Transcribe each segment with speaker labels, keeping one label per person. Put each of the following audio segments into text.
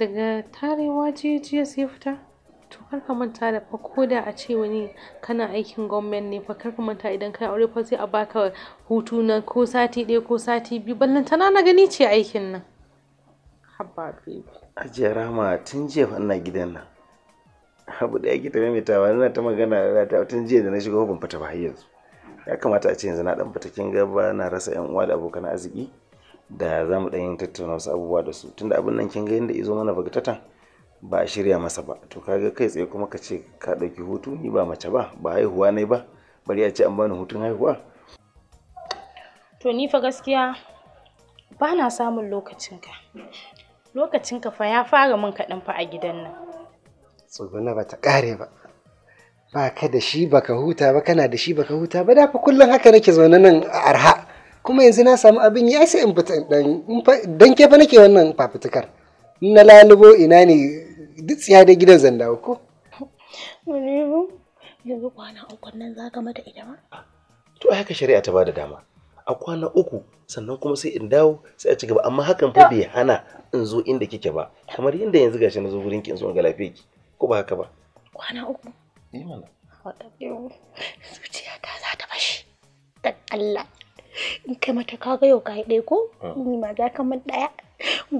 Speaker 1: daga tarewa jiya sai fita to kar ka manta da fa ko da a ce wani kana aikin gwamnati ne fa kar ka manta idan kai aure fa sai a baka hutu na ko sati ɗaya ko sati biyu ballan tana na gani ce aikin nan
Speaker 2: habba baby ajiya rama tun jiya fa ina gidan nan abu da yake ta maimaitawa ina ta magana da ta tun jiya da na shiga ban fata ba har yanzu ya kamata a ce yanzu na dan fita kin ga ba na rasa yan uwa da abokan arziki da za mu ɗan yin tattauna wasu abubuwa da su tunda abin nan kin ga yadda izo mana bagatatan ba a shirya masa ba to kaga kai tsaye kuma ka ce ka ɗauki hutu ni ba mace ba ba haihuwa ne ba bari a ce an bani hutun haihuwa
Speaker 3: to ni fa gaskiya ba na samun lokacinka lokacinka fa ya fara min kaɗan fa a gidan nan
Speaker 4: tsuguna ba ta ƙare ba ba ka da shi baka huta ba kana da shi baka huta ba da fa kullum haka nake zaune nan a arha kuma yanzu na samu abin ya sai in fita dan dan kefa nake wannan fafutukar na lalubo ina ne duk tsiya da gidan zandawa ko
Speaker 5: Munibu yanzu kwana uku nan za ka mata ita ma
Speaker 2: to ai haka shari'a ta bada dama a kwana uku sannan kuma sai in dawo sai a ci gaba amma hakan fa bai hana in zo inda kike ba kamar yadda yanzu gashi na zo gurin ki in zo ga lafiya ki ko ba haka ba kwana uku eh mana
Speaker 6: zuciya ta
Speaker 5: za ta bashi dan Allah in kai mata ga yau ka ɗaya ko ah. ni ma za ka man ɗaya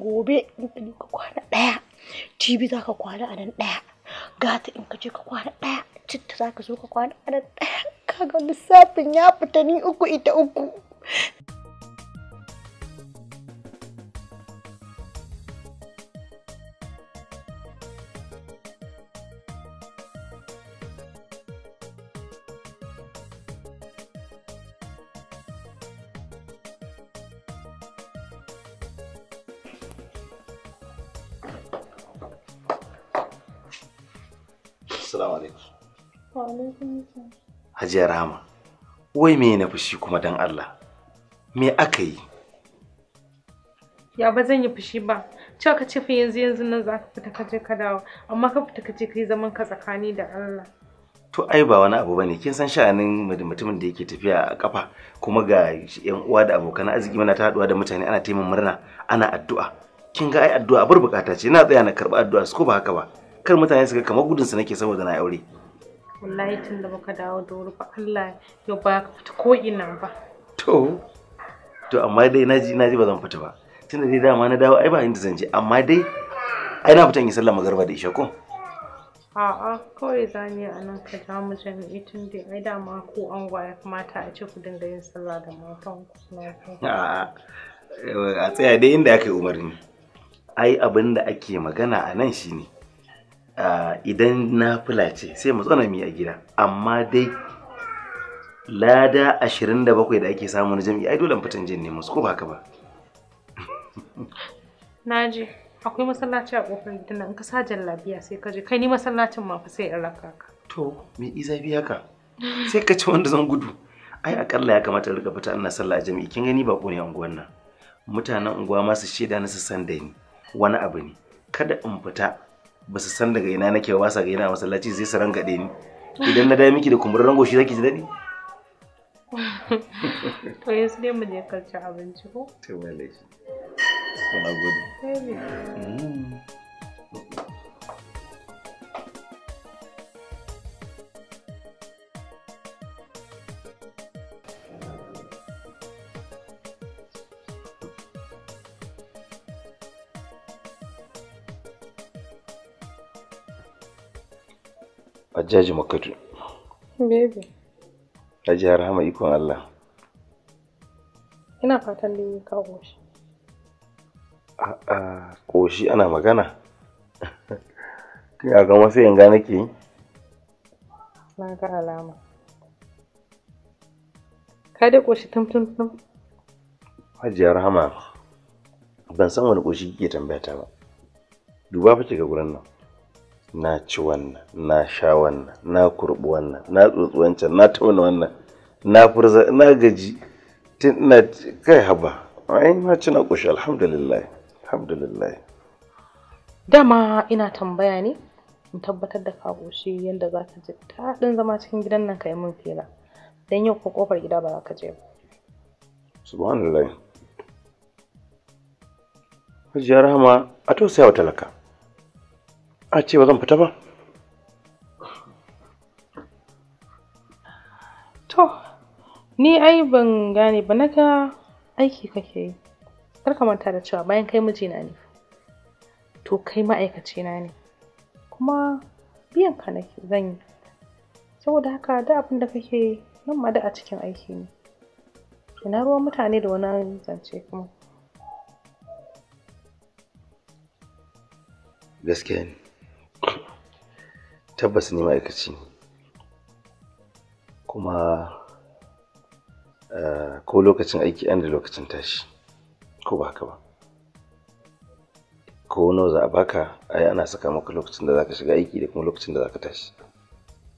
Speaker 5: gobe in ka ka kwana ɗaya TV za ka kwana a nan ɗaya gata in ka je ka kwana ɗaya citta za ka zo ka kwana a nan ɗaya ga lissafin ya fita ni uku ita uku
Speaker 2: hajiya rama wai me na fushi kuma dan Allah me aka yi
Speaker 1: ya ba zan yi fushi ba cewa ka fa yanzu yanzu nan za ka fita ka je ka dawo amma ka fita ka je ka zaman ka tsakani da Allah
Speaker 2: to ai ba wani abu bane kin san sha'anin mutumin da yake tafiya a kafa kuma ga yan uwa da abokan arziki muna ta haduwa da mutane ana taimin murna ana addu'a kin ga ai addu'a bar bukata ce ina tsaya na karba addu'a su ko ba haka ba kar mutane su ga kamar gudun su nake saboda na aure
Speaker 1: wallahi tun da baka dawo da wuri ba Allah ya ba ka fita ko ina ba
Speaker 2: to to amma dai naji naji ba zan fita ba tunda dai dama na dawo ai ba inda zan je amma dai ai na fita in yi sallah magarba da isha ko
Speaker 1: a'a kawai za mu yi a nan ka ja mu jami'i tun dai ai dama ko an ya kamata a ce ku dinga yin sallah da matan ku
Speaker 2: a'a a tsaya dai inda aka yi umarni ai abin da ake magana a nan shine ne idan na fula ce sai mu tsana mi a gida amma dai lada 27 da ake samu na jami'i ai dole fitan jin ne musu ko ba haka ba
Speaker 1: naji akwai masallaci a kofar gidan in ka sa jallabiya sai ka je kai ni masallacin ma fa sai in raka ka
Speaker 2: to me biya ka, sai ka ci wanda zan gudu ai akalla ya kamata rika fita ina sallah a jami'i kin gani ko ne unguwan nan mutanen unguwa ma su shaida na su san da ni wani abu ne kada in fita ba su san daga ina nake ba sa ga ina masallaci sai su rangaɗe ni idan na dai miki da kumburin goshi zaki ji dadi
Speaker 1: to yanzu dai mu je kalci abinci ko
Speaker 2: to wallahi na gode Hajjaji Makatu. Baby. ya Rahama ikon Allah.
Speaker 1: Ina fatan da ka koshi?
Speaker 2: A'a, koshi ana magana. Kina ga wasu yanga ke yi?
Speaker 1: Na ga alama. Ka dai ƙoshi tum tum tum.
Speaker 2: Hajiya Rahama, ban san wani koshi kike tambaya ta ba. Duba fa ga gurin nan. na ci wannan na sha wannan na kurɓi wannan na tsotsi wancan na tauna wannan na furza na gaji tun ina kai haba ai ma ci na ƙoshi alhamdulillah alhamdulillah
Speaker 1: dama ina tambaya ne in tabbatar da ka yadda za ka ji daɗin zama cikin gidan nan ka yi min fela don yau ko ƙofar gida ba za ka je ba
Speaker 2: subhanallah Hajiya Rahama a tausaya wa talaka. a ce ba zan fita ba
Speaker 1: to ni ai ban gane ba naga aiki kake yi kar ka manta da cewa bayan kai mijina ne to kai ma'aikaci na ne kuma biyan ka nake zan yi saboda haka da abin da kake yi nan ma da a cikin aiki ne ina ruwan mutane da wani zance kuma
Speaker 2: gaskiya ne tabbas ni ma'aikaci kuma eh, ko lokacin aiki an da lokacin tashi ko ba haka ba ko nawa za a baka ai ana saka maka lokacin da zaka shiga aiki da kuma lokacin da zaka tashi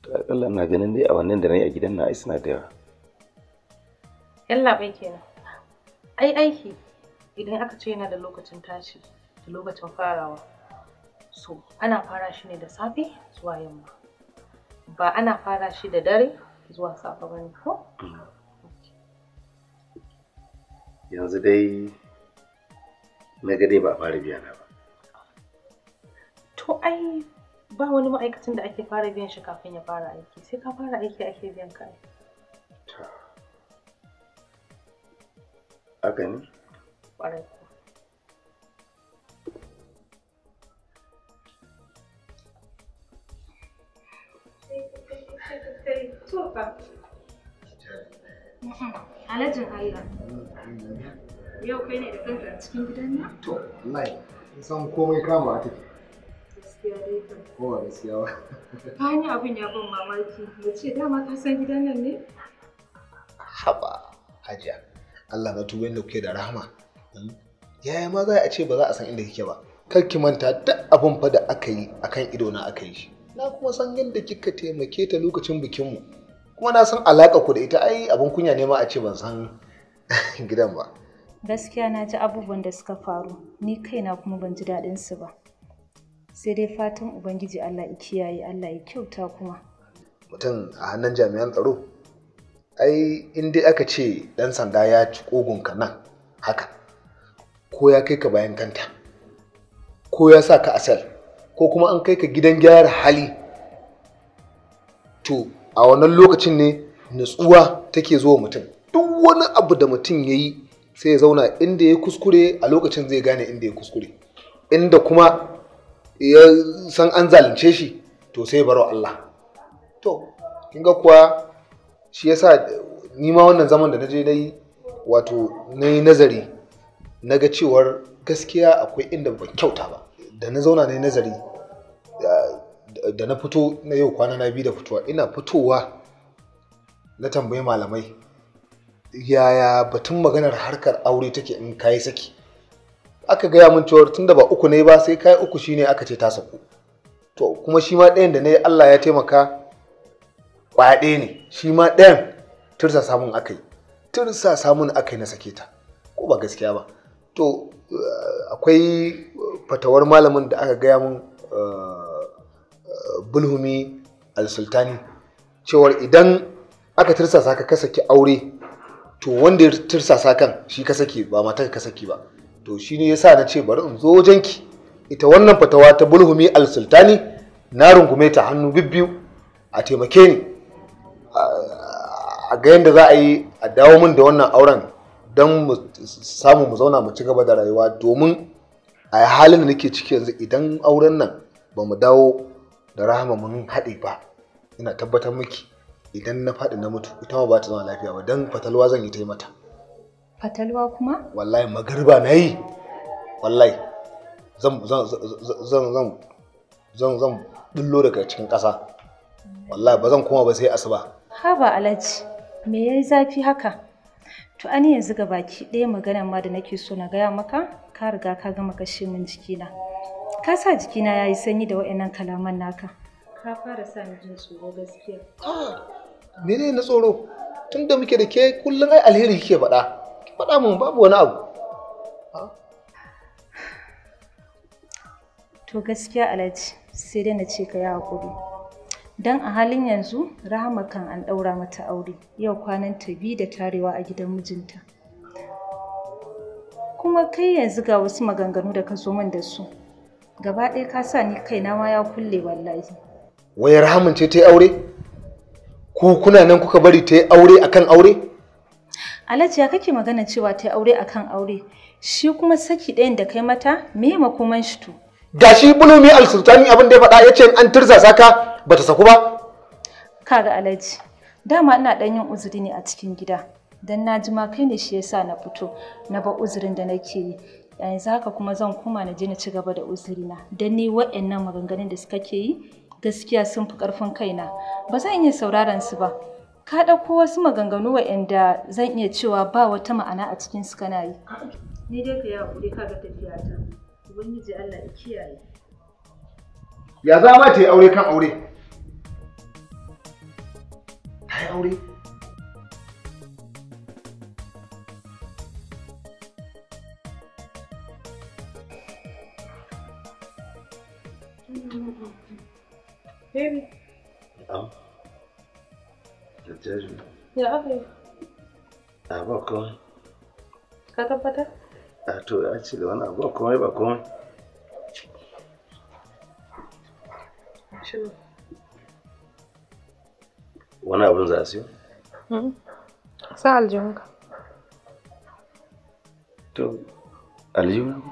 Speaker 2: to akalla na ganin dai a wannan da nayi a gidan na ai suna da yawa
Speaker 1: yalla bai kenan ai aiki idan aka ce yana da lokacin tashi da lokacin farawa so ana fara shi ne da safe zuwa yamma ba ana fara shi da dare zuwa safe ba ne ko
Speaker 2: yanzu dai na ga dai ba fara biya na ba
Speaker 3: to ai
Speaker 1: ba wani ma'aikacin da ake fara biyan shi kafin ya fara aiki sai ka fara aiki ake biyan ka
Speaker 2: haka ne ƙwarai
Speaker 1: To
Speaker 6: Yau kai ne da kanka cikin
Speaker 4: gidan nan? To, wallahi, san komai kama a take.
Speaker 6: Gaskiya dai fa.
Speaker 4: Kowa gaskiya ba.
Speaker 6: abin ya ban mamaki, na ce dama ka san gidan nan ne?
Speaker 4: Haba, hajiya. Allah na tuba inda kuke da rahama. Yaya ma za a ce ba za a san inda kike ba. Kar ki manta duk abin fa da aka yi akan ido na aka yi shi. Na kuma san yadda kika taimake ta lokacin bikinmu. kuma na san alaƙa ku da ita ai abin kunya ne ma a ce ban san gidan ba
Speaker 6: gaskiya na ji abubuwan da suka faru ni kaina kuma ban ji daɗin su ba sai dai fatan ubangiji Allah ya kiyaye Allah ya kyauta kuma
Speaker 4: mutum a hannun jami'an tsaro ai in dai aka ce ɗan sanda ya ci ƙugunka nan haka ko ya kai ka bayan kanta ko ya sa ka asal ko kuma an kai ka gidan gyara hali to a wannan lokacin ne nutsuwa take zuwa mutum duk wani abu da mutum ya yi sai ya zauna inda ya kuskure a lokacin zai gane inda ya kuskure inda kuma ya san an zalunce shi to sai baro Allah to kinga kuwa shi yasa ni ma wannan zaman da naje na yi wato na yi nazari na ga cewar gaskiya akwai inda ba kyauta ba da na zauna na yi nazari da na fito na yau kwana na biyu da fitowa ina fitowa na tambayi malamai yaya batun maganar harkar aure take in kayi saki aka gaya min cewar tun da ba uku ne ba sai kai uku shine aka ce ta saku to kuma shi ma ɗayan da na Allah ya taimaka ƙwaya ɗaya ne shi ma ɗayan tursa samun akai tursa samun akai na sake ta ko ba gaskiya ba to eh, akwai fatawar malamin da aka gaya min eh, bulhumi al-sultani cewar idan aka tirsasa ka ka saki aure to wanda ya tirsasa kan shi ka ba matar ka ba to shi ne yasa na ce bari in zo wajenki ita wannan fatawa ta bulhumi al-sultani na rungume ta hannu bibbiyu a taimake ni a ga yadda za a yi a dawo min da wannan auren don mu samu mu zauna mu ci gaba da rayuwa domin a halin da nake ciki yanzu idan auren nan ba mu dawo da rahama mun haɗe ba ina tabbatar miki idan na faɗi na mutu ita ba ta zama lafiya ba don fatalwa zan yi ta yi mata
Speaker 6: fatalwa kuma
Speaker 4: wallahi magarba na yi wallahi zan zan zan zan zan daga cikin ƙasa wallahi ba zan koma ba sai asuba
Speaker 6: haba alaji me yayi zafi haka to ani yanzu ga baki ɗaya magana ma da nake so na gaya maka ka riga ka gama kashe min jikina Ka sa jikina ya yi sanyi da waɗannan kalaman naka. Ka fara sa ni jin tsoro gaskiya.
Speaker 4: Ah, mene na tsoro? Tun da muke da ke kullum ai alheri kike faɗa. Ki faɗa mun babu wani abu. Ah.
Speaker 6: To gaskiya Alhaji sai dai na ce ka yi hakuri don a halin yanzu rahama kan an ɗaura mata aure yau kwanan ta bi da tarewa a gidan mijinta kuma kai yanzu ga wasu maganganu da ka zo min da su Gaba ɗaya ka sa ni kaina ma ya kulle wallahi.
Speaker 4: Wayar rahamun ce ta yi aure? Ku kuna nan kuka bari ta yi aure akan aure?
Speaker 6: Alhaji ya kake magana cewa ta yi aure akan aure. Shi kuma saki ɗayan da kai mata me makoman shi to?
Speaker 4: Gashi bulumi al-sultani abin da ya faɗa ya ce an tirzasa ka bata saku ba?
Speaker 6: Kaga Alhaji, dama ina ɗan yin uzuri ne a cikin gida. Dan na ji ma kai ne shi yasa na fito na ba uzurin da nake yi. yanzu haka kuma zan koma na je na ci gaba da uzurina don ni waɗannan maganganun da suka ke yi gaskiya sun fi ƙarfin kaina ba zan iya sauraron su ba ka ɗauko wasu maganganu waɗanda zan iya cewa ba wata ma'ana a cikin su kana yi ni dai ka yi haƙuri ka ga tafiya ta ubangiji Allah ya kiyaye
Speaker 4: ya za ma ta yi aure kan aure ta yi aure
Speaker 1: Baby.
Speaker 2: Am. Da jaju. Ya abu. A ba komai. Ka tabbata? A to ya ce da wani abu ba komai ba komai. Wani abun za a siyo?
Speaker 1: Sa aljihunka.
Speaker 2: To, aljihunka?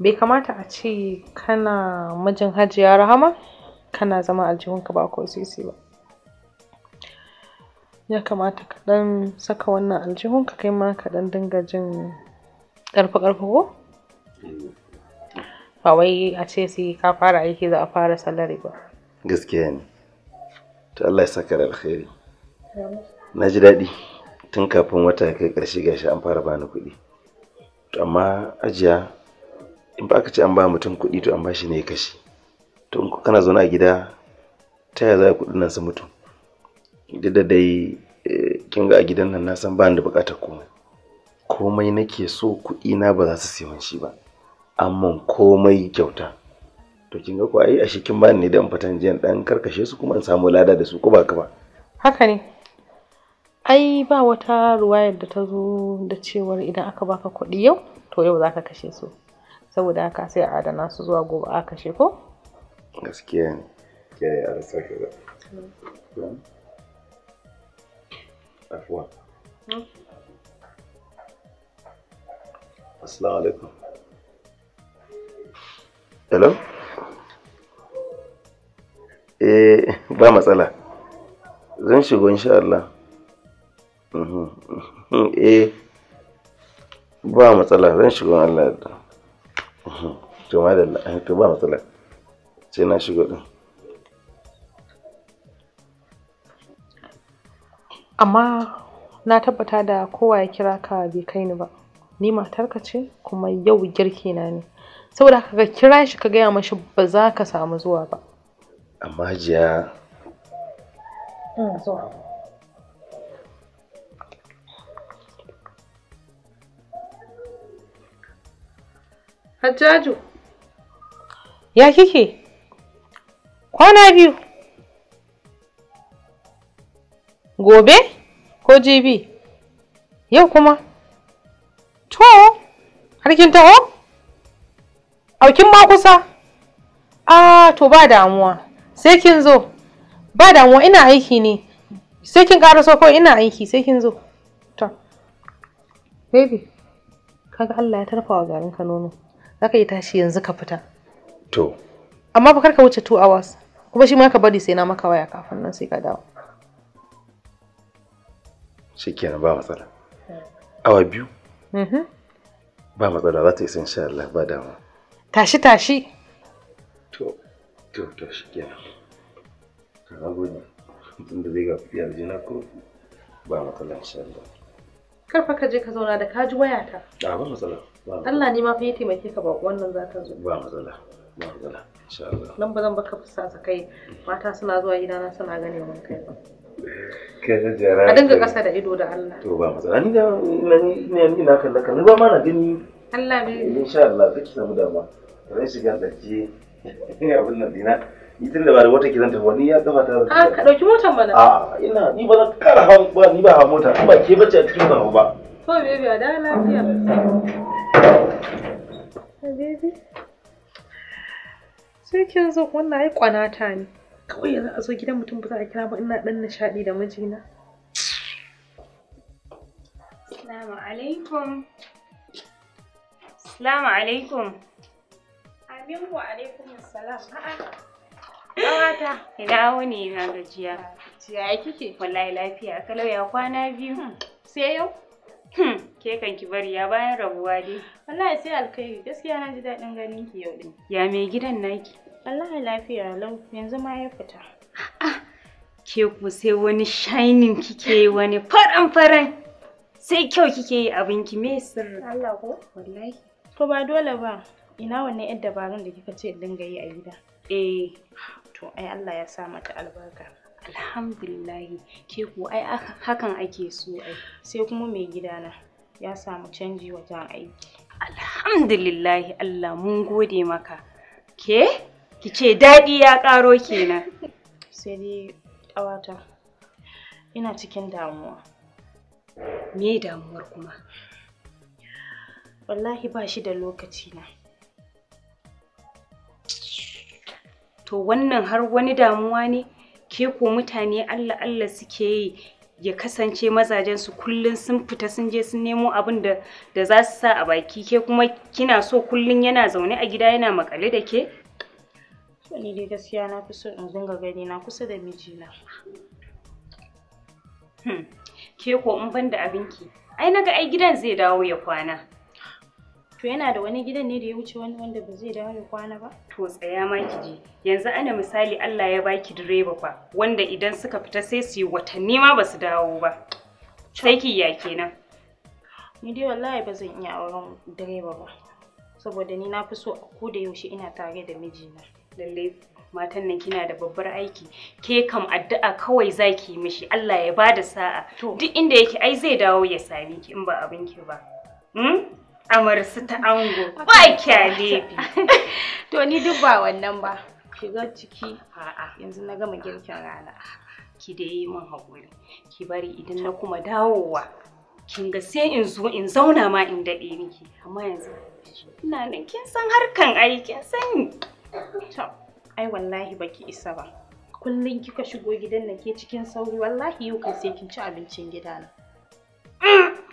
Speaker 1: bai kamata a ce kana mijin hajiya rahama kana zama aljihunka ba ko sisi ba ya kamata ka dan saka wannan aljihunka kai ma ka dan dinga jin ƙarfi-ƙarfi ko ba wai a ce sai ka fara aiki za a fara salari ba
Speaker 2: gaskiya ne to Allah ya saka da alkhairi na ji daɗi tun kafin wata kai ƙarshe gashi an fara bani kuɗi amma ajiya in ba ka ce an ba mutum kuɗi to an ba shi ne ya kashe to in kana zaune a gida ta yaya za a kuɗi nan su mutu duk da dai eh, kin ga a gidan nan na san ba ni da buƙatar komai komai nake so kuɗi na ba za su siyan shi ba amma komai kyauta to kin ga ko ai a kin ba ni da in fatan jiyan dan karkashe su kuma in samu lada da su ko ba ka ba
Speaker 1: haka ne ai ba wata ruwayar da ta zo da cewar idan aka baka kuɗi yau to yau za ka kashe su saboda haka sai a adana su zuwa gobe a kashe ko
Speaker 2: gaskiya ne ke da yara shi da assalamu alaikum hello eh ba matsala zan shigo insha Allah mhm. eh ba matsala zan shigo Allah ya to da eh, to ba matsala sai na shigo din amma
Speaker 1: na tabbata da kowa ya kira ka bai kai ni ba ni matarka ce kuma yau girki na ne saboda ka kira shi ka gaya mashi ba za ka samu zuwa ba
Speaker 2: amma jiya
Speaker 1: ina zuwa Hajjaju. Ya kike? Kwana biyu. Gobe ko jibi? Yau kuma? To, harkin taho? Aukin ma kusa? Ah, to ba damuwa. Sai kin zo. Ba damuwa ina aiki ne. Sai kin so kawai ina aiki sai kin zo. To. Baby, kaga Allah ya tarfa wa garin ka nono. za ka yi tashi yanzu ka fita to amma ba ka wuce 2 hours kuma shi ma ka bari sai na maka waya kafin nan sai ka dawo
Speaker 2: shikenan ba matsala awa biyu mm-hmm. ba matsala za ta isa insha Allah ba dama
Speaker 1: tashi tashi
Speaker 2: to to to shikenan ka gode mutum da zai ga kuɗi aljina ko ba matsala insha Allah
Speaker 1: kar fa ka je ka zauna da ka ji wayata
Speaker 2: a ba matsala Allah
Speaker 1: ni ma fa ya taimake ka ba wannan za ta zo ba
Speaker 2: matsala ba matsala insha Allah
Speaker 1: nan ba zan baka fusata kai mata suna zuwa gidana suna gane mun kai ba
Speaker 2: kai da jara a dinga
Speaker 1: kasa da ido da Allah
Speaker 2: to ba matsala ni da ni ne ni na kalla kalla ba ma na gani Allah bi insha Allah zaki samu dama ran shiga dace ina abin nan dina ni tun da ba da wata ke zanta ba ni ya gaba ta Ah ka
Speaker 1: dauki motar mana a
Speaker 2: ina ni ba zan kara ba ni ba ha mota ba ke bace a cikin ba ba
Speaker 1: to bebe a da lafiya Habibi, sai kin zo wannan ai kwanata ne. Kawai yanzu a zo gidan mutum ba za a kira ba ina dan nishaɗi da mijina.
Speaker 3: Assalamu alaikum. Assalamu alaikum. Amin wa alaikum salam. A'a, Kawata, ina wani na gajiya. Ya kike? Wallahi lafiya. Kalau ya kwana biyu. Hmm, sai yau? Hmm, ke kan ki bari ya bayan rabuwa dai. Wallahi sai alkhairi gaskiya na ji daɗin ganin ki yau din. Ya mai gidan naki? Wallahi lafiya lau yanzu ma ya fita. Ke ku sai wani shining kike yi wani faran faran. Sai kyau kike yi ki, me sirri. Allah ko? Wallahi. To ba dole ba. Ina wannan yar dabarun da kika ce dinga yi a gida. Eh. To ai Allah ya sa mata albarka. alhamdulillahi ke ko ai ah, hakan ake so ai sai kuma mai gidana ya samu canji wajen aiki alhamdulillahi allah mun gode maka ke ki ce daɗi ya ƙaro kenan sai dai ƙawata ina cikin damuwa me damuwar kuma wallahi ba shi da lokaci na to wannan har wani damuwa ne ke ko mutane Allah Allah suke yi ya kasance mazajen su kullun sun fita sun je sun nemo abin da da za su sa a baki ke kuma kina so kullun yana zaune a gida yana makale da ke ni dai gaskiya na fi so in zunga gani na kusa da mijina hmm. ke ko in ban da abinki ai naga ai gidan zai dawo ya kwana To yana da wani gidan ne da ya wuce wani wanda ba zai dawo ya kwana ba? To tsaya ma ki je. Yanzu ana misali Allah ya baki direba fa wanda idan suka fita sai su yi watanni ma ba su dawo ba. Sai ki ya kenan. Ni dai wallahi ba zan iya auren direba ba. Saboda ni na fi so a koda yaushe ina tare da mijina. Lalle matan nan kina da babbar aiki ke kam addu'a kawai zaki mishi Allah ya bada sa'a duk inda yake ai zai dawo ya sami ki in ba abin ki ba. Hmm? amarsu ta ango
Speaker 6: ba kyale
Speaker 3: to ni duk ba wannan ba ga ciki a'a yanzu na gama girkin rana ki da yi min haƙuri ki bari idan na kuma dawowa kin ga sai in zo in zauna ma in daɗe miki amma yanzu ina nan kin san harkan aikin sani to ai wallahi baki isa ba kullum kika shigo gidan nan ke cikin sauri wallahi yau kai sai kin ci abincin gidana. Mm.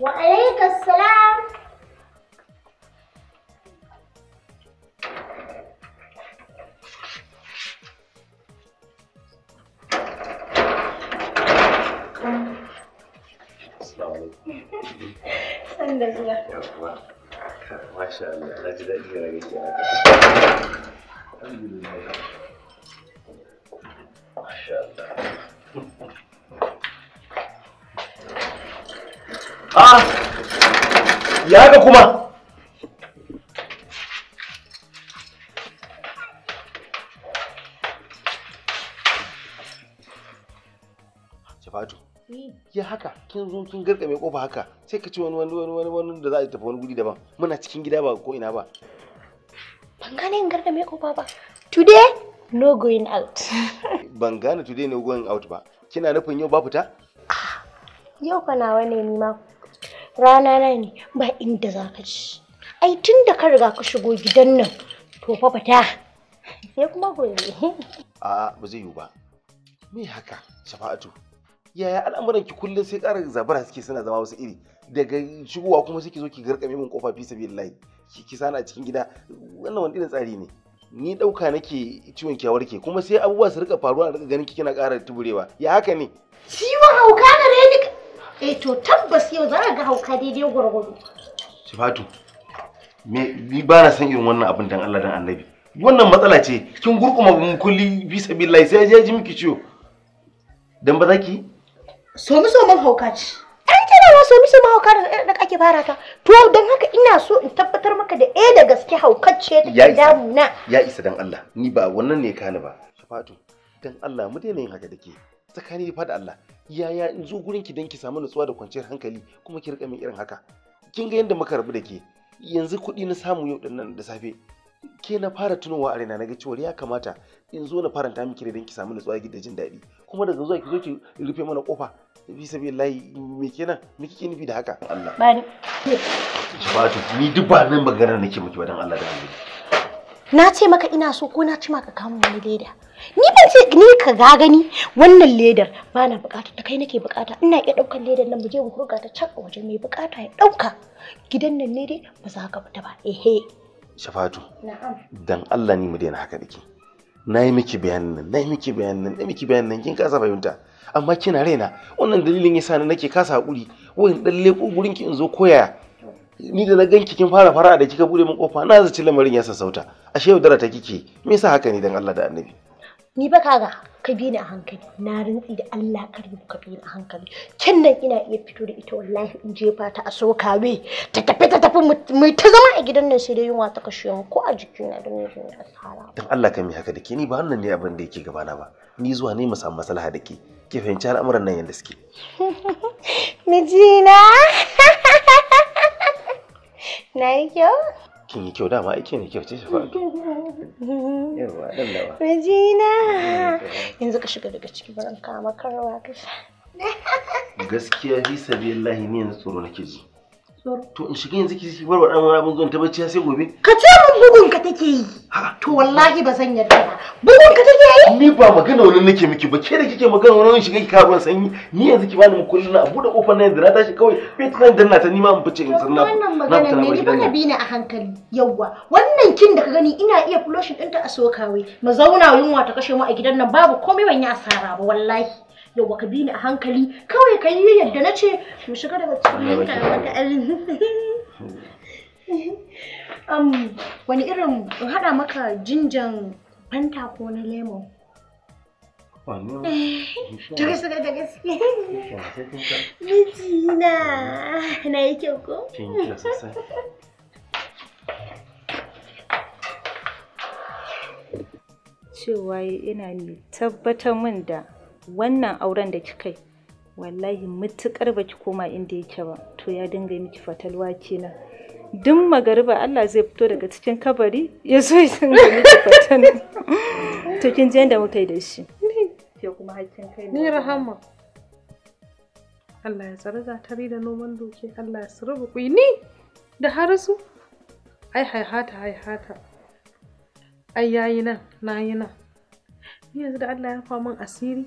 Speaker 5: وعليك السلام
Speaker 2: السلام عليكم ما شاء الله انا جدا a ah, ya haka kuma Shafatu, eh. ya haka kin zo kin garka mai kofa haka sai ka ci wani wani wani wani da za a tafi wani guri daban muna cikin gida ba ko ina ba
Speaker 5: ban gane in garka mai kofa ba
Speaker 2: today no going out ban gane today no going out ba kina nufin yau ba fita ah,
Speaker 5: yau fa nawa ne ni ma rana na ne ba inda za ka ci ai tun da ka riga ka shigo gidan nan to fa fata sai kuma gobe
Speaker 2: a'a ba zai yiwu ba me haka shafa'atu yaya al'amuran ki kullum sai ƙara zabara suke suna zama wasu iri daga shigowa kuma suke zo ki garkame min kofa fi sabilillahi ki ki sana a cikin gida wannan wani irin tsari ne ni ɗauka nake ciwon kyawar ke kuma sai abubuwa su rika faruwa rika ganin kina na ƙara tuburewa ya haka ne
Speaker 5: ciwon hauka ne eh to tabbas yau za ga hauka daidai gwargwado
Speaker 2: sifatu me ni ba na san irin wannan abin dan Allah dan annabi wannan matsala ce kin gurkuma mun kulli bi sabilillahi sai je ji miki ciwo dan ba zaki so mu so mun hauka ci
Speaker 5: an kana wa so mu so mun hauka da kake fara ta to dan haka ina so in tabbatar maka da eh da gaske ce ta damuna
Speaker 2: ya isa dan Allah ni ba wannan ne kani ba sifatu dan Allah mu daina yin haka dake tsakanin ifa da Allah yaya in zo gurin ki don ki samu nutsuwa da kwanciyar hankali kuma ki rika min irin haka kin ga yadda muka rabu da ke yanzu kuɗi na samu yau dinnan da safe ke na fara tunowa a raina ga cewa ya kamata in zo na faranta miki da ki samu nutsuwa da jin daɗi kuma daga zuwa ki zo ki rufe mana kofa bi sabi layi me kenan me kike nufi da haka Allah bani ni ni duk ba nan maganar nake miki ba dan Allah da Allah
Speaker 5: na ce maka ina so ko na ci maka kamun wani leda ni ban ce ni ka ga gani wannan ledar ba na bukata ta kai nake bukata ina iya daukar ledar nan mu je mu hurga ta can a waje mai bukata ya dauka gidan nan ne dai ba za ka fita ba ehe shafatu na'am
Speaker 2: dan Allah ni mu daina haka dake na yi miki bayanin nan na miki bayanin nan nayi miki bayanin nan kin kasa fahimta amma kina raina wannan dalilin yasa na nake kasa hakuri wani dan leko gurin ki in zo yaya. ni da na ganki kin fara fara da kika bude min kofa na zaci lamarin ya sassauta ashe yaudara ta kike me yasa haka ne dan Allah da annabi
Speaker 5: ni ba kaga ka bi ni a hankali na rintsi da Allah kar ka bi ni a hankali kin nan ina iya fito da ita wallahi in je fata a sokawe ta tafi ta tafi mu ta zama a gidan nan sai dai yunwa ta kashe mu ko a jikin na da mijin asara
Speaker 2: dan Allah ka mi haka da ke ni ba wannan ne abin da yake gabana ba ni zuwa ne mu samu maslaha da ke ki fahimci al'amuran nan yanda suke
Speaker 5: mijina na yi kyau
Speaker 2: kin yi kyau dama ake ne kyau ce shi faɗi
Speaker 5: ɗan yanzu ka shiga daga ciki barin kama karwa ka
Speaker 2: gaskiya fi sabi lahi yanzu tsoro nake ji To in shiga yanzu ki bar wa ɗan wani abin zuwan ta bacci sai gobe.
Speaker 5: Ka ce min bugun ka take yi. To wallahi ba zan yarda ba.
Speaker 2: Bugun ka take yi? Ni ba magana wani nake miki ba ke da kike magana wani shiga ki kawo sanyi ni yanzu ki bani kullun a bude kofar nan yanzu na tashi kawai sai ta nan danna ta ni ma mun fice in sanna. Wannan magana ne ni ba na bi
Speaker 5: ni a hankali. Yawwa wannan kin da ka gani ina iya din ta a sokawai. Mu zauna yunwa ta kashe mu a gidan nan babu komai ban yi asara ba wallahi. yauwa ka bi ni a hankali kawai ka yi yadda na ce mu shiga daga cikin maka um, wani irin in maka jinjan fanta ko na lemon
Speaker 2: ta eh,
Speaker 6: yi kyau cewa yana ne tabbatar min da wannan auren da kika yi wallahi mutukar ki koma inda yake ba to ya dinga miki fatalwa kenan duk magariba Allah zai fito daga cikin kabari ya zo ya dinga miki fatan to kin ji yadda muka yi da shi
Speaker 1: ke kuma hakkin kai ni rahama Allah ya tsare da tare da noman doki Allah ya tsare ku ni da harasu ai haihata haihata ai yayi nan nayi nan yanzu da Allah ya fa min asiri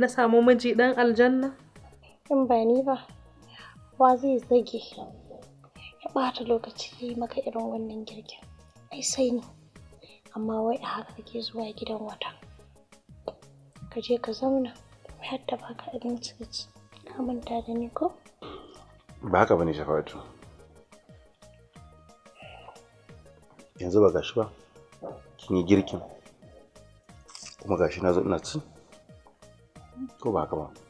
Speaker 1: na samu miji ɗan aljanna? In ba ni ba,
Speaker 5: wa zai zage ya ɓata lokaci ya yi maka irin wannan girkin. Ai sai ni, amma wai a haka kake zuwa gidan wata. Ka je ka zauna, wai har ta baka abinci ka ci. Ka manta da ni ko?
Speaker 2: Ba haka ba ne shafatu. Yanzu ba gashi ba, kin yi girkin. Kuma gashi na zo ina ci. Go back about.